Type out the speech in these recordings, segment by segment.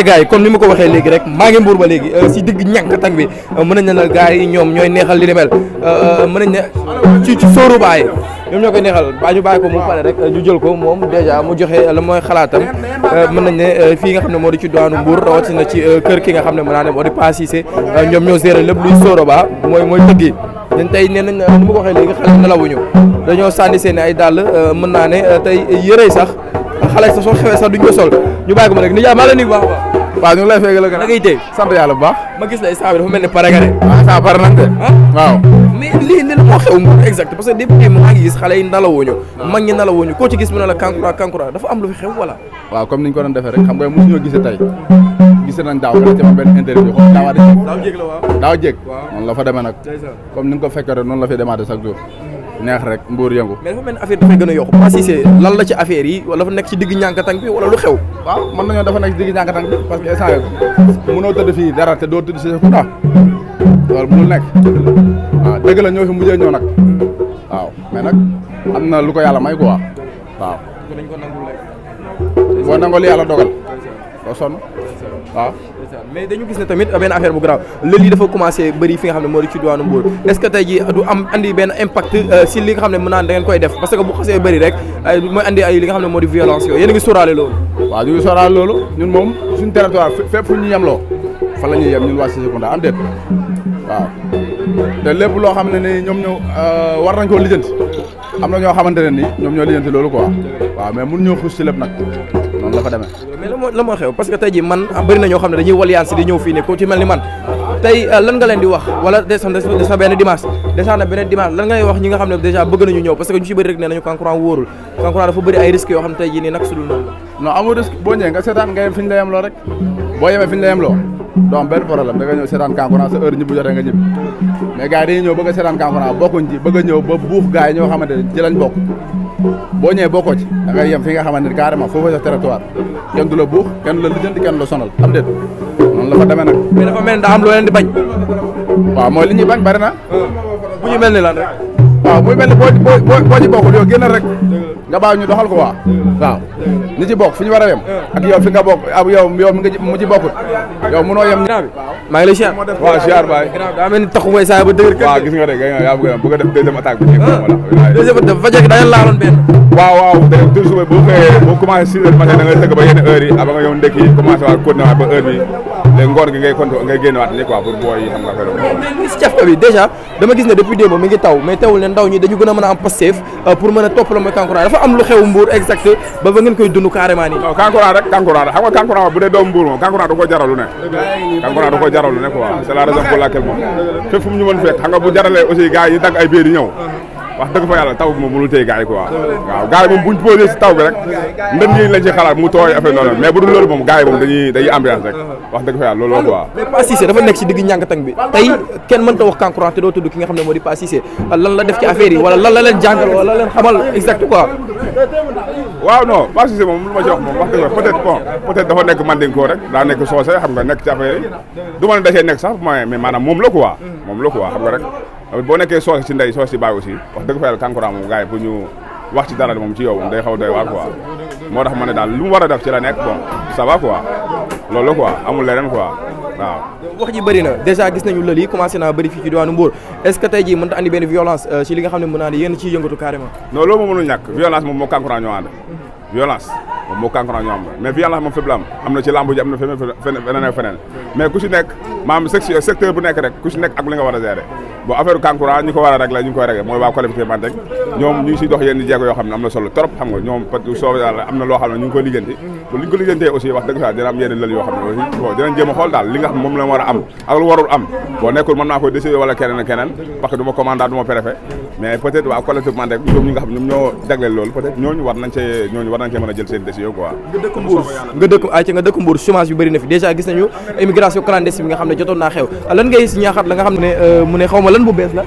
acca gars yi comme ni ma ko waxee léegi rek maa ngi mbuur ba léegi euh, si digg ñàkk tang bi euh, mën nañ ne gars yi ñoom ñooy neexal li euh, ne ci ci ba ñu bàyyi ko mu pare rek ñu jël ko ne moo di ci doonu Mbour rawatina ci kër ki nga xam ne mën naa ne moo di Passise ñoom ñoo géré lépp luy sóoroba mooy mooy tëgg yi dañ tey nee nañ ni ma ko waxee léegi xale nelawuñu dañoo sànni seen ay dàll sax soo xewee sax duñ ko sol ñu bàyyi ko ma rek nijaay maa la nuyu bu waaw ñu lay fekk la gën a. da ngay téye sant yàlla bu ma gis la instant dafa mel ni pare nga ah, de. waaw ah. instant pare nañ waaw. mais lii li moo xew moom exact parce que depuis maa gis xale yi nalawuñu. mag ñi nalawuñu koo ci gis mu ne la kankura kankura dafa am lu fi xew wala. waaw comme ni ko doon defee xam nga mosuñoo gisee tey gise nañ daaw nga def ci benn interview xool daaw jéeg la nag. comme ni ko fekkee noonu la fi demaatee chaque jour. neex rek mbuur yëngu. mais dafa mel ni affaire dafay gën a yokk Pape Cissé lan la ci affaire yi wala dafa nekk ci digg ñànkatang bi wala lu xew. waaw mën nañoo dafa nekk ci digg ñànkatang bi parce que instant yii tëdd fii dara te doo tëdd si sa kuta loolu mënul nekk. waaw ah, dëgg la ñoo fi mujjee ñoo nag waaw mais nag am na lu ko yàlla may quoi waaw. dañ ko nangul rek. boo nangoo li yàlla dogal doo sonn waaw. mais dañu gis ne tamit benn affaire bu grave lël yi dafa commencé bëri fi nga xam ne moo di ci diwaanu Mbour est ji du am andi benn impact euh, si li nga xam ne mën naan da koy def parce que bu xasee bëri rek mooy andi ay li nga xam ne moo di violence yooyu yéen a ngi loolu. waaw ñu ngi sóoraale loolu ñun moom suñu territoire fépp fu ñu yemloo fa la ñuy yem ñun waa Cissé Kounda am déet waaw. te lépp loo xam ne ni ñoom ñoo euh, war nañ koo lijjanti am na ñoo xamante ne ni ñoom ñoo lijjanti loolu quoi waaw mais mun ñoo xuus ci lépp nag noonu la fa demee. mais lan moo xew parce que tey jii man bëri na ñoo xam ne dañuy walliance di ñëw fii ne ko ci mel ni man tey euh, lan nga leen di wax wala desan desa benn dimanche desaan na benn dimanche lan ngay wax ñi nga xam ne déjà bëgg nañu ñëw parce que ñu ci bëri rek nee nañu Kankurang wóorul Kankurang rek boo yemee fi ñu la yem loo doo am benn problème da nga ñëw seetaan Kankourang sa heure ñibbu jotee nga ñibbi mais gars yi dañuy ñëw bëgg a seetaan ba buux gars yi ñoo xamante ne ci lañ boo ñëwee bokkoo ci da ngay yem fi nga xamante ne carrément foofu sa territoire kenn du la buux kenn du la lijjanti kenn du sonal am déet noonu la fa demee nag mais dafa mel daa am loo leen di bañ waaw mooy li ñuy bañ bari na bu ñu mel ni lan rek waaw muy mel ni boo boo ci bokkul yow génnal rek nga baa ñu doxal ko waaw waaw ñi ci bokk fu ñu war a yem ak yow fi nga bokk ak yow yow mi nga mu ci yem grand bi maa ngi lay siyaar waaw siyaar baay daa mel ni taxu mooy saa ba dëgër gis nga rek yaa bëgg a bëgg a def deuxième attaque bi deuxième attaque fa jekk dañu laaloon benn waaw waaw da toujours boo xëyee boo commencé six ba yenn nga ñëw ndekki commencé waat bi léegi ngoor gi ngay kontu ngay génnewaat ni quoi pour booy yi xam nga affaire mais ñi mi ngi taw mais teewul ne ndaw ñi dañu gën a mën a am Pastef euh, pour mën a toppaloo mooy kankuraan dafa am lu xew mbuur exact ba ba ngeen koy dund carrément nii kankuraan rek kankuraan kankuraan bu dee kankuraan da ko kankuraan da ko fu mu ñu mën fekk xam nga bu jaralee aussi gars yi ñu tag ay biir ñëw wax dëgg fa yàlla taw bi moom mënul téye gars yi waaw gars yi moom buñ posé si taw bi rek ndëm yi lañ ci xalaat mu tooy affaire noonu mais bu dul loolu moom gars yi moom dañuy dañuy ambiance rek wax dëgg fa yàlla loolu quoi mais Pa Cissé dafa nekk si digg ñàngatang bi tey kenn mënta wax Kankura te doo tudd ki nga xam ne moo di Pa Cissé lan la def ci affaire yi wala lan la leen jàngal wala leen xamal exact quoi waaw non Pa moom lu ma ci wax moom wax dëgg fa rek daa nekk soose xam nga ne da cee nekk sax mais maanaam moom la quoi moom la quoi xam nga rek boo nekkee soose si ndey soose si wax dëgg fa yàlla Kankura moom gars yi pour ñu wax ci dara ci yow day xaw a doy waar quoi moo tax ma daal lu war a def ci la nekk bon ça va quoi loolu quoi amul leneen quoi waaw. wax ji bëri na déjà gis nañu lël yi commencé naa bëri fii ci diwaanu est-ce que tey jii mën ta andi violence ci euh, li ne mën naa ne yéen ciy yëngatu carrément. non loolu moom mënul violence moom moo Kankura ñoo violence moom moo Kankura maanaam secteur bu nekk rek ku affaire Kankura ñu ko war a régler ñu ngi koy mooy waa collectivité Mantec ñoom ñu ngi dox yenn jéego yoo xam ne am na solo trop xam nga ñoom parce ma bi bëri na fi déjà gis nañu immigration clandestine bi nga xam ne ne jotoon naa xew ah, lan ngay si ñaaxaat la nga xam ne euh, mu xaw ma lan bu bees la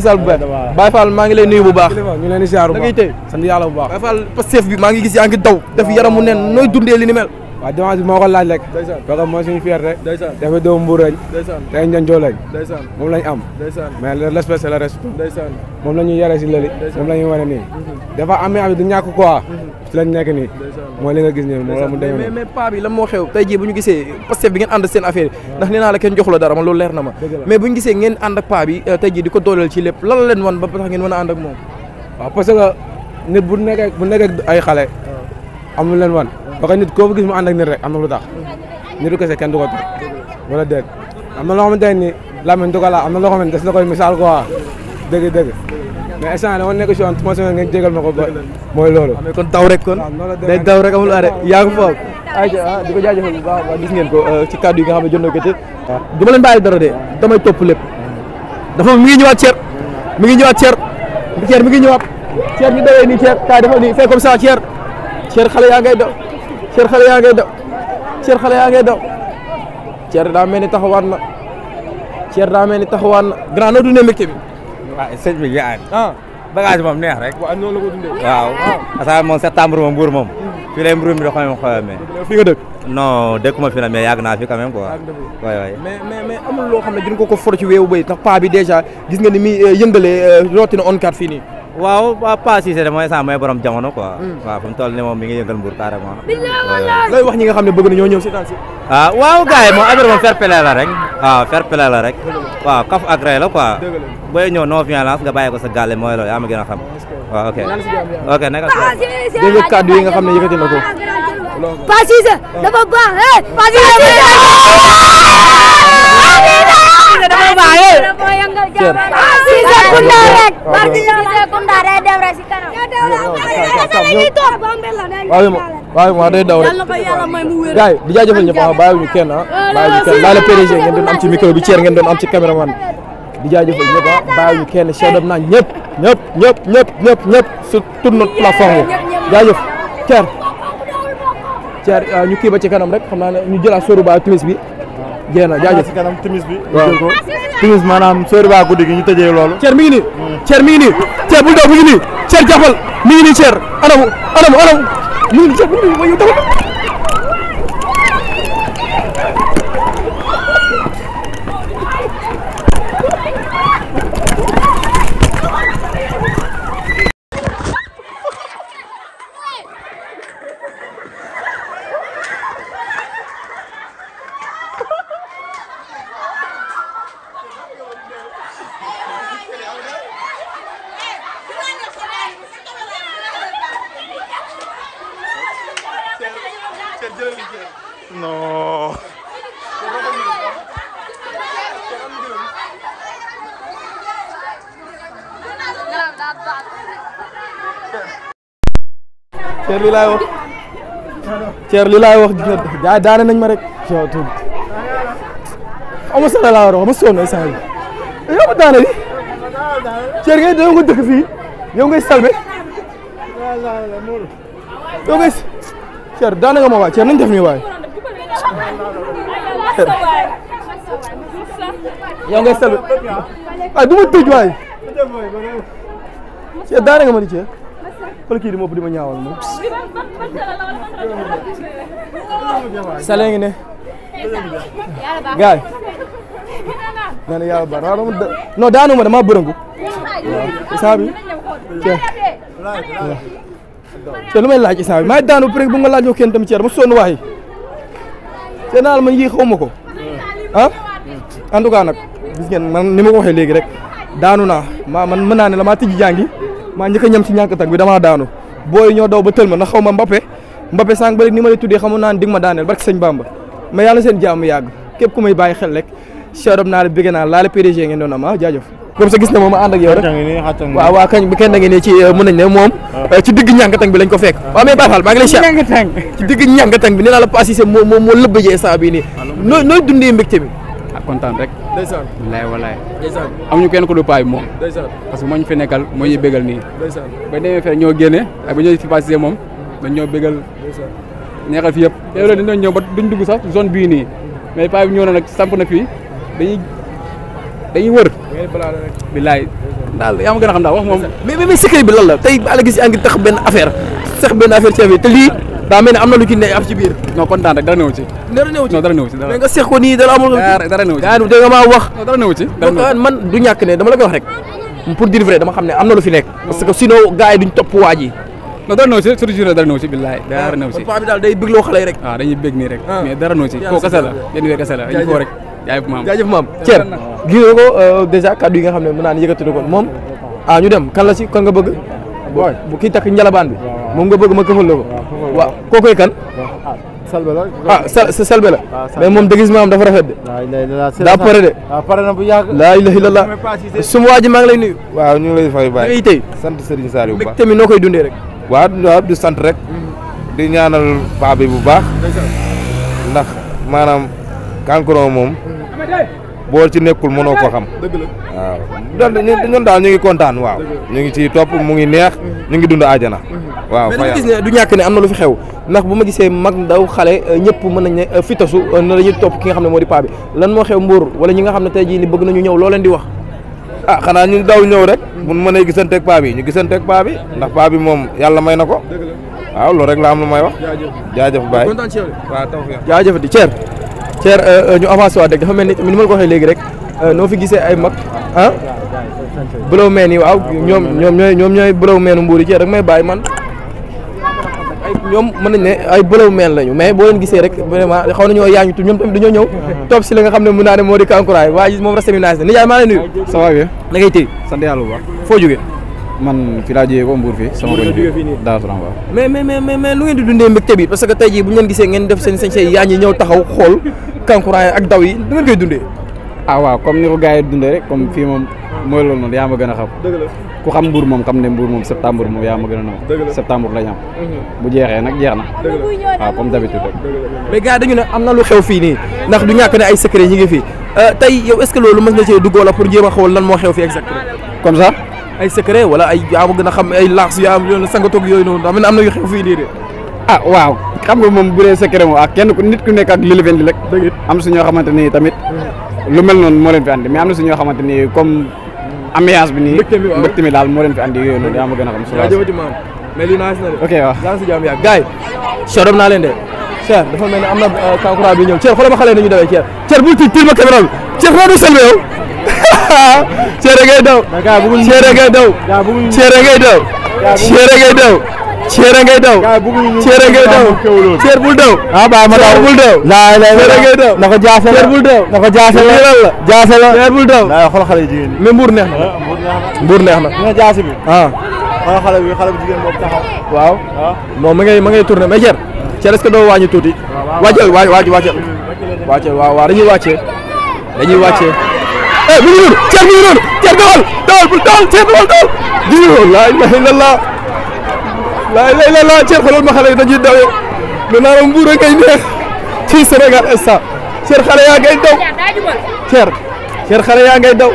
saa ah, bu bees Baye Fall maa ngi lay nuyu bu baax ñu leen di ziar bu bu baax Baye Fall Pastef bi maa ngi gis yaa ngi daw def yaramu neen nooy dundee ni mel waaw doomu mbuur moom lañ am. moom la ñuy yare si lëli. moom la ñuy wane nii. Mhm. dafa am ay du ñàkk quoi. Mhm. ci lañ nekk nii. mooy li nga gis nii moom la mu demee mais mais moo xew tey jii bu ñu gisee Pastef bi ngeen ànd seen affaire yi ndax la kenn joxu dara ma loolu leer na ma. mais bu ñu gisee ngeen ànd ak paa bi euh, tey jii di ko dooleel ci lépp lan la leen wan ba tax ngeen mën a ànd ak moom. waaw parce que nit bu nekkee bu nekkee ay wan ba ko nit koo fa gis mu ànd ak nit rek am na lu tax nit du kese kenn du ko tax wala dégg am na loo xamante ni Lamine ko laa am na loo xamante des na koy misaal quoi dëgg dëgg mais instant dama nekk si woon trois semaines ngeen jégal ma ko ba mooy loolu. Ah, kon daw rek kon ah, day daw rek amul arrêt yaa ngi foofu. ayca ah, di ko jaajëfal bu baax gis ngeen ko euh, ci kàddu yi nga xam ne jot na ko ci. du ma dara de damay topp lépp dafa mi ngi ñëwaat Thier mi ngi ñëwaat Thier Thier mi ngi ni Thier ñu dawee nii Thier kaay dafa nii Cer xale yaa ngay daw Cer xale yaa ngay daw Cer daa mel ni taxawaat na Cer daa mel ni taxawaat na grand noo dundee mbégte bi. waaw sëñ bi yaa ngi. ah bagage moom neex rek. waaw noonu la ko dundee. waaw ah. parce que moom septembre moom mbuur moom. fii lay mbuur mi doxee moom xoolee mais. fii nga dëkk. non dëkkuma fi na mais yàgg naa fi quand même quoi. waay waay mais mais mais amul loo xam ne dinañ ko ko for ci weewu bay ta paa bi dèjà gis nga ni muy euh, yëngalee euh, rootina on carte fii ni waaw waaw Pa Cissé mooy saa mooy borom jamono ko hmm. waaw fu mu toll nii moom mi ngi yëngal Mbour carrément. looy wax ñi nga xam ne bëgg na ñoo ñëw si temps si. ah waaw gars rek. waaw fair play rek. Ah, waaw kaf ak rey la quoi. booy ñëw non violence nga bàyyi ko sa gàlle mooy loolu yaa ma gën a xam. waaw ok ok nekk dégg nga kàddu yi nga xam ne yëkkati na ko. Pa Cissé dafa baax eh Pa Cissé damay baaye Cissé Kounda rek barki Cissé Kounda day dem rek si kanam waaw waaw day daw rek gars yi di jaajëfal ñëpp waaw bàyyiwuñu kenn ah bàyyiwuñu kenn laa la PDG ngeen doon am ci micro bi Thier ngeen doon am ci caméraman di jaajëfal ñëpp ah bàyyiwuñu kenn chef dem naa kii ba ci kanam rek xam naa ne ñu jëlaat soru ba bi jee na jaajëf si kanam timis bi. waaw timis maanaam sori baa guddi gi ñu tëjee loolu. Thier mi ngi nii. Thier hmm. mi ngi nii. Thier bul daw mi ngi nii. Thier jàppal mi ngi nii Thier anamu anamu anamu mi ngi nii Thier mi ngi nii non. Ceer li laay wax Ceer li wax jaay daane nañ ma rek yow tuuti amul laa war a wax ma sonn saa yi yow ma daane bi Ceer ngay yow nga dëkk fii Thierry daane nga ma waay Thierry nañ def nii waay. yow ngay sel waay du ma nga ma di Thierry. xool kii di ma ëpp ma ñaawal moom. Sale ngi ne. gaay nee na yàlla baax na non daanu ma damaa te lu may laaj instant bi maay daanu prix bu nga laaj yoo kenn tamit ceer ma sonn naal man yii ma ko ah en tout cas nag ngeen man ni ma ko waxee léegi rek daanu naa maa man mën naa ne la maa tijji jàngi maa njëkk a ñam ci ñàkk tak bi damaa daanu booy ñoo daw ba tël ma na xaw ma Mbappé Mbappé sànq ba ni ma lay tuddee xamu naa ne dig ma daaneel barke sëñ Bamba ma yàlla seen jaamu yàgg képp ku ma bàyyi xel rek chadom naa la bégg naa laale PDG ngeen doon am ah jaajëf comme ça kañ bi kenn da ngeen ci euh, mën nañ ne moom ah. euh, ci digg ñàngatang bi lañ ko fekk ah. waaw mais Bafal maa ngi lay siyaar ci digg ñàngatang bi nee naa la Pape Cissé moo moo moo lëbbëjee ah, nooy nooy dundee bi ak kontaan rek ndeysaan laay walaay amuñu kenn ko du paay moom parce que moo ñu fi nekkal moo ñuy nii ba demee fee ñoo génne ak ba ñoo fi sax zone bii nii mais paay bi ñëw na nag fii dañu wër. billaay daal yaa ma gën a xam daal wax moom. mais mais mais secret la tey Balla Gaye si ngi benn affaire sax benn affaire ci affaire te lii daa am na lu ci ne am ci biir. non rek dara newu ci. dara newu ci dara newu ci dara. nga seex ko nii dara amul. dara dara dara ah, ñàkk ne dama la koy wax rek pour dire na lu fi nekk. parce que sinon gars ji non dara ñëw si surtout dara ñëw si dara ñëw si. koo kese la weer kese la dañu koo jaajëf maam jaajëf maam Thierre gis nga euh, yi nga xam ne mën naa ni yëkkati ko moom ah ñu dem kan la si kan nga bëgg bu kii takk njalabaan bi moom nga bëgg ma këfal la ko waaw kookoy kan ah, salbe la ah sa salbe la ah, mais moom dëgg si maam dafa rafet de daa pare de na bu yàgg laa ilaha illallah suma waa ji maa ngi lay nuyu waaw ñu ngi lay fay bàyyi tey sant Serigne Saliou bu baax tamit noo koy dundee rek waa waaw di sant rek mm. di ñaanal paa bi bu baax ndax maanaam kankuran moom boo ci nekkul mënoo ko xam. waaw donc ñun daal ñu ngi kontaan waaw. ñu ngi ciy topp mu ngi neex. ñu ngi dund aajana. Mhm. waaw mais gis ne du ñàkk ne am na lu fi xew ndax bu ma gisee mag ndaw xale euh, ñëpp mën nañ ne euh, fi tasu euh, na la ñu topp ki nga xam ne moo di paa bi lan moo xew Mbour wala ñi nga xam ne tey jii ni bëgg nañu ñëw loo leen di wax. ah xanaa ñu daw ñëw rek. mun mën a gisanteek paa bi ñu gisanteeg paa bi ndax paa bi moom yàlla may na ko. waaw loolu rek la am lu may wax. jaajëf jaajëf di kontaan Thier euh, euh, ñu avancé waat rek dafa mel ni ni ma ko waxee léegi rek euh, noo fi gisee ay mag ah bulow meen yi waaw ñoom ñoom ñooy ñoom ñooy bulow meenu mbuur yi rek may bàyyi man ñoom mën nañ ne ay bulow meen lañu mais boo leen gisee rek vraiment xaw nañoo yaañu tu ñoom tamit dañoo ñëw topp si li nga xam ne mun naa ne moo di kankuraay waa ji moom rase mi naaj na nijaay maa lay nuyu ça va bien foo jógee man fi laa jógee ko Mbour fii sama koñ bi daa turam waaw mais mais mais mais lu ngeen di dundee mbégte bi parce que tey jii bu ñu leen gisee ngeen def seen seen say yaa ñi ñëw taxaw xool kankuraan ak daw yi da ngeen koy dundee ah waaw comme ni ko gars yi dundee rek comme fii moom mooy loolu noonu yaa ma gën a xam ku xam Mbour moom xam ne Mbour moom septembre moom yaa ma gën a noonu septembre lañ am mhm. bu jeexee nag jeex na waaw ah, comme d'habitude rek mais gars dañu ne am na lu xew fii nii ndax du ñàkk ne ay secret ñi ngi fii euh, tey yow est-ce que loolu mës na cee dugg wala pour jéem a xool lan moo xew fii exactement comme ça ay secret wala ay yaa ma gën a xam ay lax yu am yoon sangatoog yooyu noonu am na am na yu xew fii nii de. Ah, ñoo xamante tamit. lu mel noonu moo fi andi mais am na su ñoo xamante ni comme ambiance bi nii. mbëgte mi daal fi andi yooyu noonu yaa gën a xam. waaw jërëjëf maam mais lii naa leen de. Cher dafa mel ne euh, ma xale yi nañu dawee Cher Cher bul tiit tiit ma caméra bi yow Cere ngay daw. Cere ngay daw. Cere ngay daw. Cere ngay daw. Cere ngay daw. Cere ngay daw. Cere bul daw. Ah ba ma daw. Bul daw. La la la. Cere ngay daw. Nako jaase la. Cere bul daw. Nako jaase la. Lan la. Jaase la. Cere bul daw. La xool xale jigéen ñi. Mais mbuur neex na. Ah, mbuur neex na. Nga jaase bi. Ah. Xool xale bi xale bu jigéen boobu taxaw. Waaw. Ah. Non ma ngay ma ngay tourner mais Cere. Cere est-ce que doo wàññi tuuti. Ah, wàcce wàcce wàcce. Wàcce waaw waaw dañuy wàcce. Dañuy wàcce. Eh, mi ngi noonu Thier mi ngi noonu Thier dawal dawal bul dawal Thier dawal dawal jiw laa ilaha illallah laa ilaha illallah ma xale yi dañuy daw yow lu naaram mbuur a ngay neex ci Sénégal instant Thier xale yaa ngay daw Thier Thier xale yaa ngay daw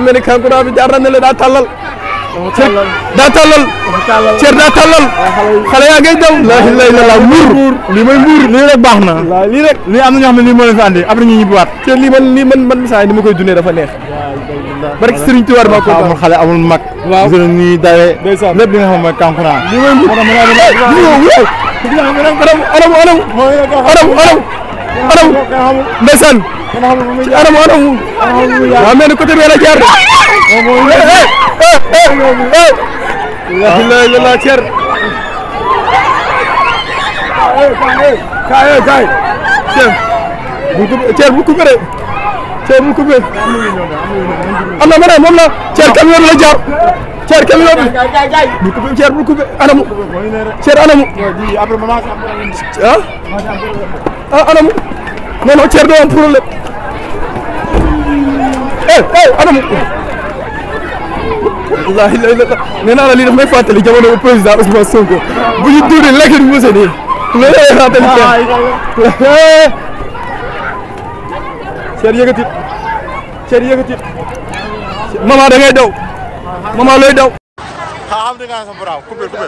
mel ni kankuraa bi jaar na ne la tàllal daa tàllal ceer daa tàllal xale yaa ngay daw la ilaha illallah muur lii mooy muur lii rek baax na lii rek am na ñoo xam ne lii moo leen fi andi après ñu ñibbiwaat te lii man man man misaay ni ma koy dundee dafa neex barke Serigne Touba ma ko amul xale amul mag jël ni dawe lépp li nga ma mooy Kankourang lii mooy muur aram aram aram aram aram ndeysaan ci cer. kaay cer bu ko cer bu coupé de cer bu coupé. am na ma ne la cer camion la jaar. cer camion bi bu coupé cer bu coupé anamu. cer anamu. ah anamu. non cer doo am problème. eh, eh anam wallaahi lay la nee naa la lii daf may fàttali jamono bu président Ousmane Sonko bu ñu tuuri lekk bu mos a nii loolu lay fàttali kenn Thierry eh. yëkkati Thierry yëkkati maman da ngay daw maman looy daw alhamdulillah sa bravo coupé coupé